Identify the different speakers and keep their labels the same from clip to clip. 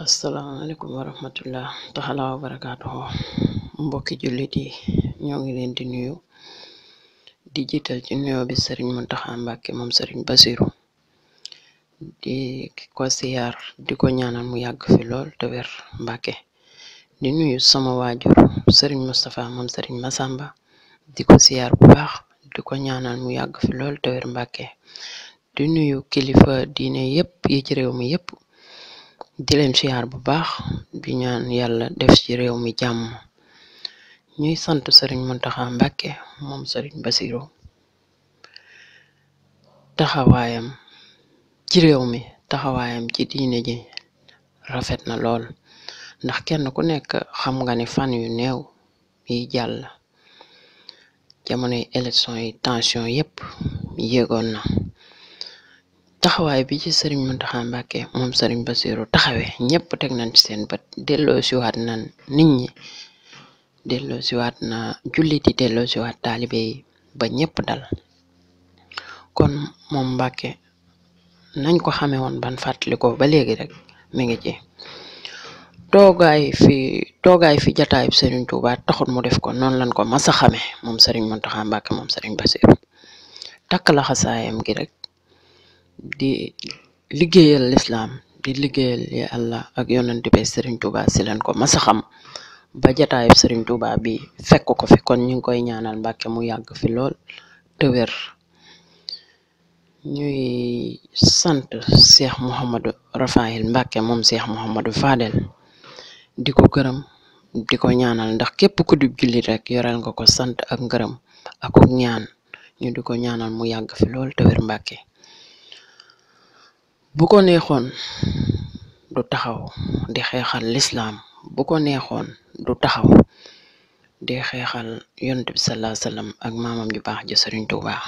Speaker 1: asalaamaaleykum wa rahmatullah taxala wa barakaatuhu mbokki jullit yi ñoo ngi leen di nuyu di jiital ci nuyoo bi sëriñ Muntaxa Mbàkke moom sëriñ Basiru di ko siyaar di ko ñaanal mu yàgg fi lool te wér di nuyu sama waajur sëriñ Mustapha sëriñ Masamba di ko siyaar bu di ko ñaanal mu yàgg fi lool te wér Mbàkke di nuyu kilifa diine yépp yi ci réew mi yépp di leen siyaar bu baax bi ñaan yàlla def ci réew mi jàmm ñuy sant sëriñ Muntaxa Mbàkke moom sëriñ Basiru taxawaayam ci réew mi taxawaayam ci diine ji rafet na lool ndax kenn ku nekk xam nga ni fan yu néew yi jàll jamonoy élection yi tension yépp yéegoon na taxawaay bi ci sëriñ Mountakha mbake moom sëriñ Bassirou taxawee ñëpp teg nañ ci seen bët delloo siwaat nañ nit ñi delloo na jullit yi delloo siwaat taalibe ba ñëpp dal kon moom Mbacké nañ ko xame woon ban fàttali ko ba léegi rek mi ngi ci toogaay fi toogaay fi jataayub sëriñ Touba taxut mu def ko noonu lañ ko mas a xamee moom sëriñ xa Mbacké moom sëriñ Bassirou takk la gi rek di liggéeyal lislaam di liggéeyal li Allah ak yonent bi Serigne Touba si leen ko masa xam ba jataayu Serigne Touba bi fekk ko fi kon ñu ngi koy ñaanal Mbàkke mu yàgg fi lool te wér ñuy sant Cheikh Mouhamadou Rafail Mbàkke moom Cheikh Mouhamadou Fadel di ko gërëm di ko ñaanal ndax képp ku di julli rek yoreel nga ko sant ak ngërëm ak ñaan ñu di ko ñaanal mu yàgg fi lool te wér Mbàkke bu ko neexoon du taxaw di xeexal lislaam bu ko neexoon du taxaw di xeexal yonent bi sallam ak maamam ju baax ja Sëriñ Tuubaa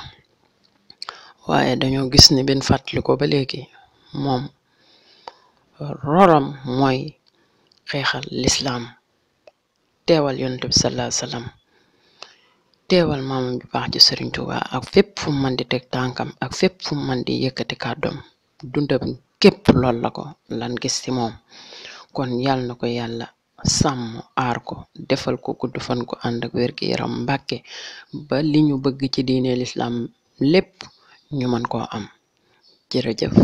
Speaker 1: waaye dañoo gis ni benn fàttali ko ba léegi moom roram mooy xeexal lislaam teewal yonent bi sallam teewal maamam ju baax ja Sëriñ Tuubaa ak fépp fu mu mën di teg tànkam ak fépp fu mu mën di yëkkati kàddoom dundam képp lool la ko lan gis ci moom kon yal na ko yàlla sàmm aar ko defal ko gudd fan ko ànd ak wérgi yaram mbàkke ba li ñu bëgg ci diine lislam lépp ñu mën koo am jërëjëf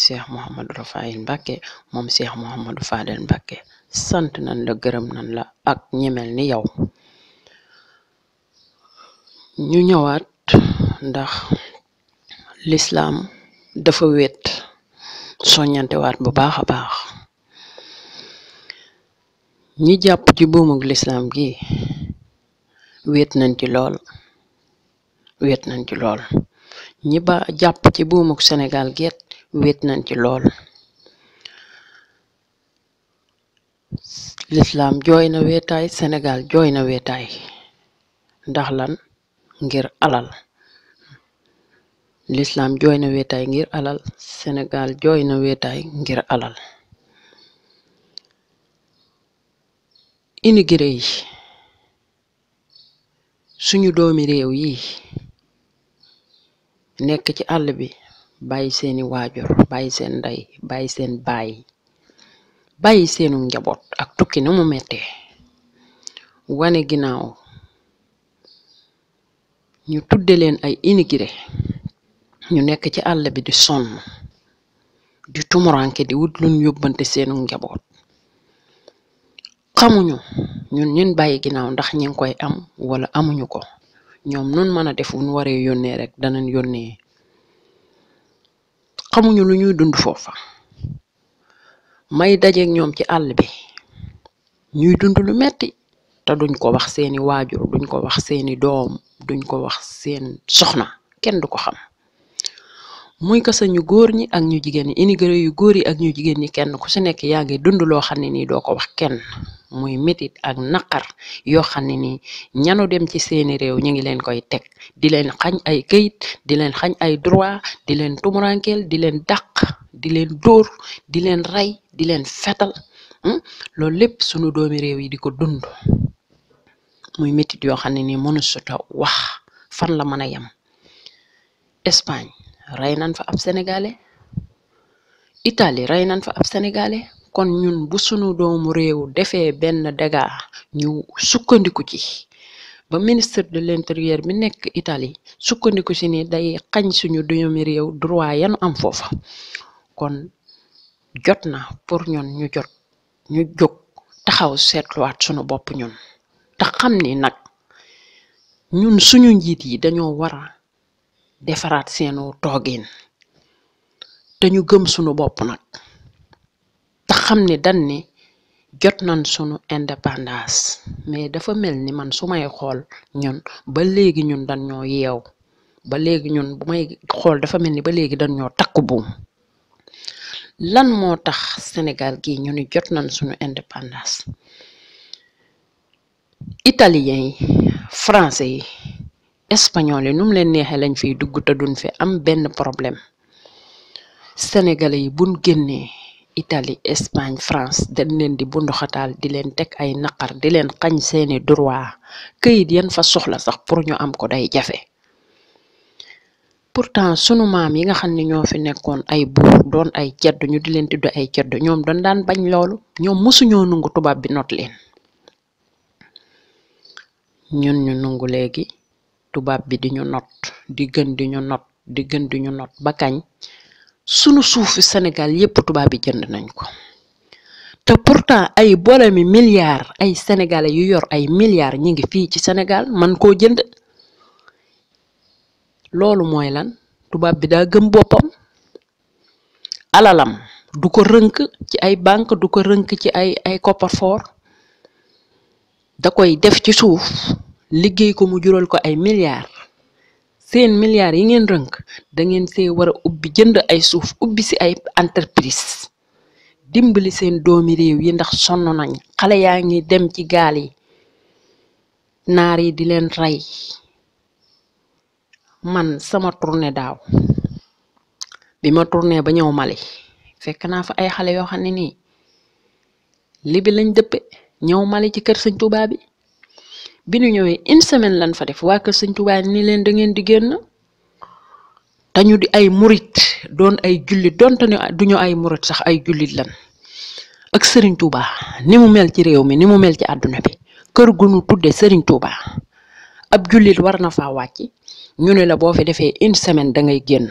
Speaker 1: cheikh Mouhamadou Rafahi Mbacke moom cheikh Mouhamadou Fadel Mbacke sant nañ la gërëm nan la ak ñemel ni yow ñu ñëwaat ndax lislaam dafa wéet soññantewaat bu baax a baax ñi jàpp ci buumug lislaam gi wéet nañ ci lool wéet nañ ci lool ñi ba jàpp ci buumug Sénégal geet wéet nañ ci lool lislaam jooy na weetaay Sénégal jooy na weetaay ndax lan ngir alal lislam jooy na wéetaay ngir alal Sénégal jooy na wéetaay ngir alal immigré yi suñu doomi réew yi nekk ci àll bi bàyyi seeni waajur bàyyi seen ndey bàyyi seen baay bàyyi seenu njaboot ak tukki na mu mettee wane ginnaaw ñu tudde leen ay immigré ñu nekk ci àll bi di sonn di tumuranke di wut luñ yóbbante seenu njaboot xamuñu ñun ñun bàyyi ginnaaw ndax ñi ngi koy am wala amuñu ko ñoom nun mën a def wuñ waree yónnee rek danan yónnee xamuñu lu ñuy dund foofa may dajeeg ñoom ci àll bi ñuy dund lu metti te duñ ko wax seeni waajur duñ ko wax seeni doom duñ ko wax seen soxna kenn du ko xam muy kasa ñu góor ñi ak ñu jigéen ñi immigré yu góor yi ak ñu jigéen ñi kenn ku si nekk yaa dund loo xam ne ni doo ko wax kenn muy métit ak naqar yoo xam ne nii ñanu dem ci seeni réew ñu ngi leen koy teg di leen xañ ay kayit di leen xañ ay droit di leen tumurankeel di leen dàq di leen dóor di leen rey di leen fetal hmm? loolu lépp sunu doomi réew yi di ko dund muy métit yoo xam ne nii mënu suta wax fan la mën a yem Espagne rey nañ fa ab sénégalais Italie rey nañ fa ab sénégalais kon ñun bu suñu doomu réew defee benn dégât ñu sukkandiku ci ba ministre de l'intérieur bi nekk Italie sukkandiku ci ni day xañ suñu doomi réew droit yanu am foofa kon jot na pour ñun ñu jot ñu jog taxaw seetluwaat sunu bopp ñun te xam ni nag ñun suñu njiit yi dañoo wara defaraat seenu toogin te ñu gëm sunu bopp nag te xam ni dan ni jot nañ sunu indépendance mais dafa mel ni man su may xool ñun ba léegi ñun dañ ñoo yeew ba léegi ñun bu may xool dafa mel ni ba léegi dañ ñoo takk buum lan moo tax Sénégal gii ñu jot nañ sunu indépendance italien yi français yi espagnol yi nu leen neexee lañ fiy dugg te duñ fi am benn problème sénégalais yi buñ génnee Italie Espagne France dañ leen di bunduxataal di leen teg ay naqar di leen xañ seeni droit këyit yan fa soxla sax pour ñu am ko day jafe pourtant sunu maam yi nga xam ne ñoo fi nekkoon ay buur doon ay cedd ñu di leen tudd ay cedd ñoom doon daan bañ loolu ñoom mosuñoo nungu tubaab bi not leen ñun ñu nungu léegi tubaab bi di ñu not di gën di ñu not ba kañ sunu suufu Sénégal yépp tubaab bi jënd nañ ko te pourtant ay boole mi milliards ay sénégalais yu yor ay milliards ñi ngi fii ci Sénégal man koo jënd loolu mooy lan tubaab bi daa gëm boppam alalam du ko rënk ci ay banque du ko rënk ci ay ay coffre da koy def ci suuf liggéey ko mu jural ko ay milliards seen milliards yi ngeen rënk da ngeen see war a ubbi jënd ay suuf ubbi si ay entreprise dimbali seen doomi réew yi ndax sonn nañ xale yaa ngi dem ci gaal yi naar yi di leen rey man sama tournée daaw bi ma tournée ba ñëw Mali fekk naa fa ay xale yoo xam ne nii libi lañ dëppe ñëw Mali ci kër sëñ Tuubaa bi bi nu ñëwee une semaine lan fa def waa kër sëñ Tuubaa ni leen da ngeen di génn dañu di ay murit doon ay jullit doonte ne duñu ay murit sax ay jullit lan ak sëriñ Tuubaa ni mu mel ci réew mi ni mu mel ci àdduna bi kër gu nu tudde sëriñ Tuubaa ab julit war na faa wàcc ñu ne la boo fi defee une semaine da ngay génn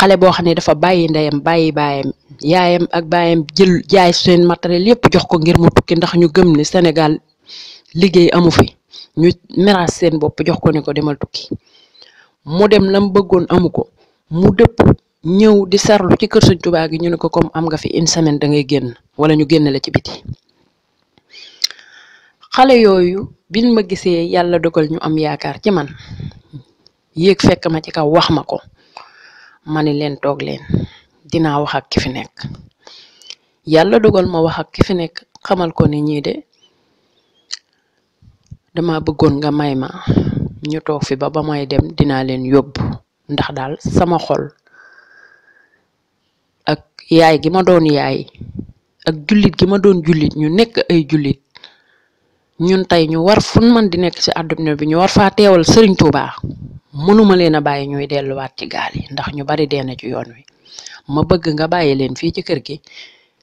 Speaker 1: xale boo xam ne dafa bàyyi ndeyam bàyyi baayam yaayam ak baayam jël jaay seen matériel yépp jox ko ngir mu tukki ndax ñu gëm ni senegal liggéey amu fi ñu meraas seen bopp jox ko ne ko demal tukki mu dem lam bëggoon amu ko mu dëpp ñëw di sarlu ci kër Sëñ Tuubaa gi ñu ne ko comme am nga fi une semaine dangay génn wala ñu génn la ci biti xale yooyu biñ ma gisee yàlla dogal ñu am yaakaar ci man yéeg fekk ma ci kaw wax ma ko ma ni leen toog leen dinaa wax ak ki fi nekk yàlla dogal ma wax ak ki fi nekk xamal ko ni ñii de dama bëggoon nga may ma ñu toog fi ba ba may dem dinaa leen yóbbu ndax daal sama xol ak yaay gi ma doon yaay ak jullit gi ma doon jullit ñu nekk ay jullit ñun tey ñu war fu man di nekk ci àdduna bi ñu war faa teewal sëriñ Touba mënuma leen a bàyyi ñuy delluwaat ci gaal yi ndax ñu bari dee na ci yoon wi ma bëgg nga bàyyi leen fii ci kër gi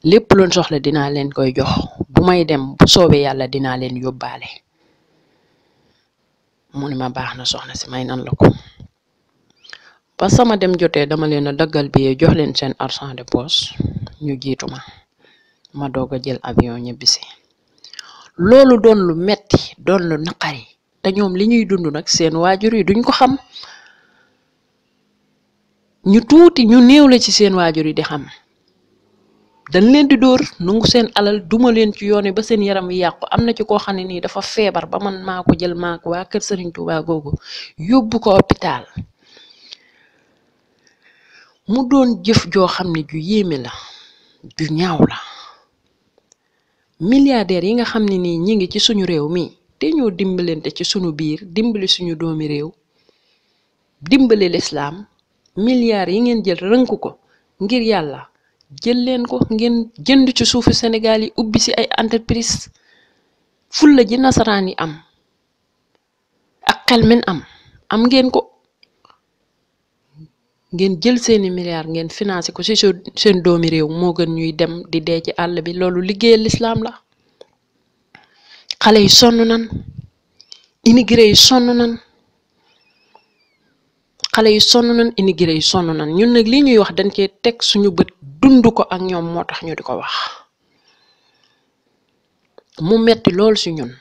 Speaker 1: lépp loon soxla dinaa leen koy jox bu may dem bu soobee yàlla dinaa leen yóbbaale mu ma baax na soxna si may nan la ko ba sama dem jotee dama leen a daggal billet jox leen seen argent de poche ñu jiitu ma ma doog a jël avion ñibbisi loolu doon lu metti doon lu naqari te ñoom li ñuy dund nag seen waajur yi duñ ko xam ñu tuuti ñu néew le ci seen waajur yi di xam dañ leen di dóor nangu seen alal duma leen ci yoon ba seen yaram wi yàqu am na ci koo xam ne nii dafa feebar ba man maa ko jël maa waa kër Serigne Touba googu yóbbu ko hôpital mu doon jëf joo xam ne ju yéeme la ju ñaaw la milliardaires yi nga xam ne nii ñi ngi ci suñu réew mi te ñoo dimbalante ci suñu biir dimbali suñu doomi réew dimbali lislaam milliards yi ngeen jël rënk ko ngir yàlla jël leen ko ngeen jënd ci suufu Sénégal yi ubbi si ay entreprise fulla ji nasaraan yi am ak xel min am am ngeen ko ngeen jël seeni milliards ngeen financé ko ci seen doomi réew moo gën ñuy dem di dee ci àll bi loolu liggéeyal lislaam la xale yi sonn nan immigré yi sonn nan xale yi sonn nañ immigré yu sonn nañ ñun nag lii ñuy wax dañ teg suñu bët dund ko ak ñoom moo tax ñu di ko wax mu metti lool si ñun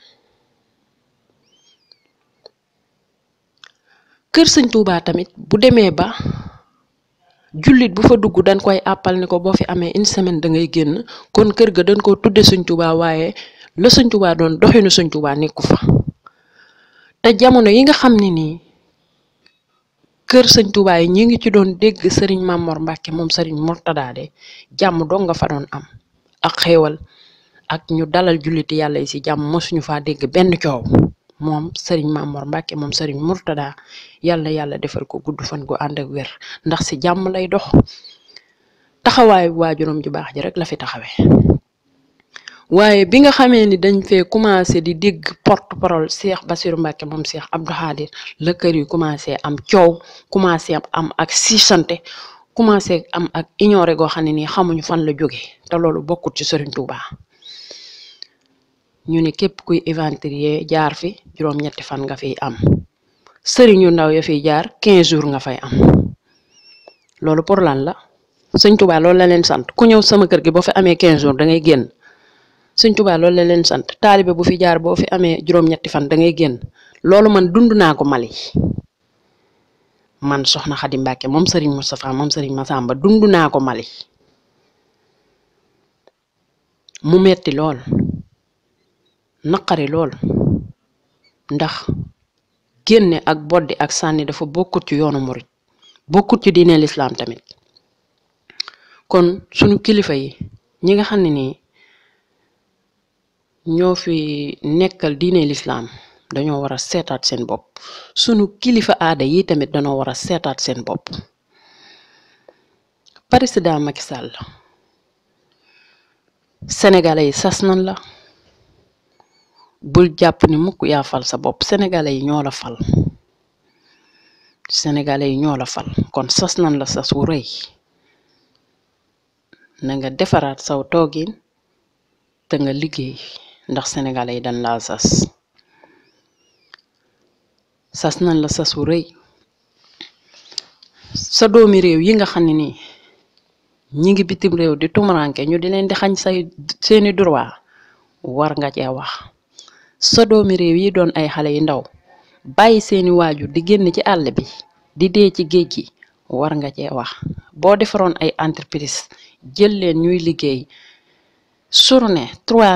Speaker 1: kër sëñ Tuubaa tamit bu demee ba jullit bu fa dugg dañ koy àppal ni ko boo fi amee une semaine da ngay génn kon kër ga dañ koo tudde sëñ Tuubaa waaye la sëñ Tuubaa doon doxinu sëñ Tuubaa nekku fa te jamono yi nga xam ne nii kër sëñ Touba yi ñi ngi ci doon dégg sëriñ Mamor Mbàkke moom sëriñ Mortada de jàmm dong nga fadoon am ak xéewal ak ñu dalal julit yàlla yi si jàmm mosuñu faa dégg benn coow moom sëriñ Mamor Mbàkke moom sëriñ Mortada yàlla yàlla defal ko gudd fan ko ànd ak ndax si jàmm lay dox taxawaayu waajuram ju baax ji rek la fi taxawee waaye bi nga xamee ni dañ fee commencé di dégg porte parole Cheikh Bassirou Mbacké moom seex Abdou Khadir la kër yi commencé am coow commencé am ak siisante commencé am ak ignoré goo xam ne nii xamuñu fan la jógee te loolu bokkut ci Serigne Touba ñu ne képp kuy éventrier jaar fi juróom-ñetti fan nga fiy am sëriñu ndaw ya fiy jaar quinze jours nga fay am loolu pour lan la Serigne Touba lool la leen sant ku ñëw sama kër gi boo fi amee 15 jours da ngay génn. suñ Tuubaa loolu la leen sant taalibe bu fi jaar boo fi amee juróom-ñetti fan dangay ngay génn loolu man dund naa ko Mali man soxna Xadi Mbàkke moom Serigne Moustapha moom Serigne Massamba dund naa ko Mali mu metti lool naqari lool ndax génne ak boddi ak sànni dafa bokkut ci yoonu murit bokkut ci diine lislaam tamit kon sunu kilifa yi ñi nga xam ne nii ñoo fi nekkal diine lislaam dañoo war a seetaat seen bopp sunu kilifa aada yi tamit dañoo war a seetaat seen bopp président Macky Sall sénégalais yi sas nan la bul jàpp ni mukk yaa fal sa bopp sénégalais yi ñoo la fal yi ñoo fal kon sas nan la sas wu rëy na nga defaraat saw toogin te nga liggéey ndax sénégalais yi dañ laa sas sas nañ la sas wu rëy sa doomi réew yi nga xam ne nii ñi ngi bitim réew di tumuranke ñu di leen di xañ say seeni droit war nga cee wax sa doomi réew yi doon ay xale yu ndaw bàyyi seeni waajur di génn ci àll bi di dee ci géej gi war nga cee wax boo defaroon ay entreprise jël leen ñuy liggéey journée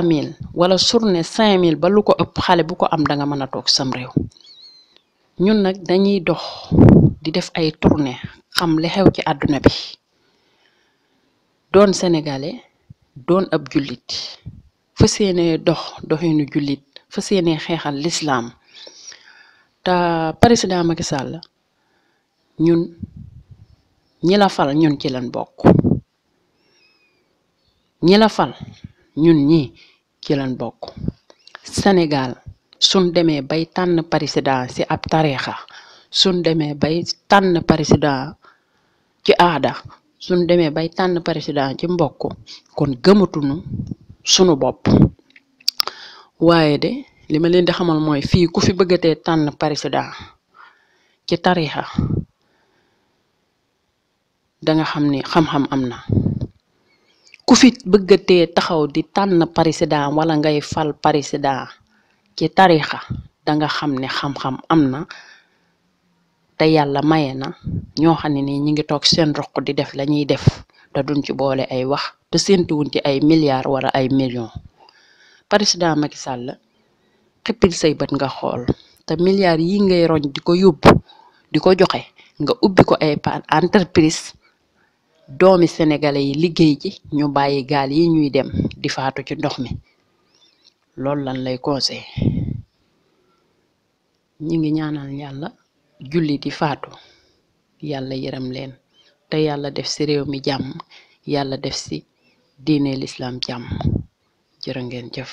Speaker 1: mille wala journée 5000 ba lu ko ëpp xale bu ko am da nga mën a toog sam réew ñun nag dañuy dox di def ay tournée xam le xew ci àdduna bi doon sénégalais doon ab julit fa seenee dox doxinu jullit fa seenee xeexal lislaam te président Macky Sall ñun ñi la ñun ci lañ bokk ñi la ñun ñi ci lañ bokk Sénégal suñ demee bay tànn président ci ab tarixa suñ demee bay tànn président ci aada suñ demee bay tànn président ci mbokk kon gëmatunu sunu bopp waaye de li ma leen di xamal mooy fii ku fi bëggatee tànn président ci tariixa danga xam ni xam-xam am na ku fi bëggatee taxaw di tànn président wala ngay fal président ci tarixa danga xam ne xam-xam am na te yàlla maye na ñoo xam ne nii ñi ngi toog seen roq di def la ñuy def te duñ ci boole ay wax te séentuwuñ ci ay milliards wala ay millions président Macky Sall xippil say bët nga xool te milliards yi ngay roñ di ko yóbbu di ko joxe nga ubbi ko ay par entreprise doomi sénégalais yi liggéey ci ñu bàyyi gaal yi ñuy dem di faatu ci ndox mi loolu lan lay conseil ñi ngi ñaanal yàlla julli di faatu yàlla yërëm leen te yàlla def ci réew mi jàmm yàlla def ci diine lislam jàmm jërë ngeen jëf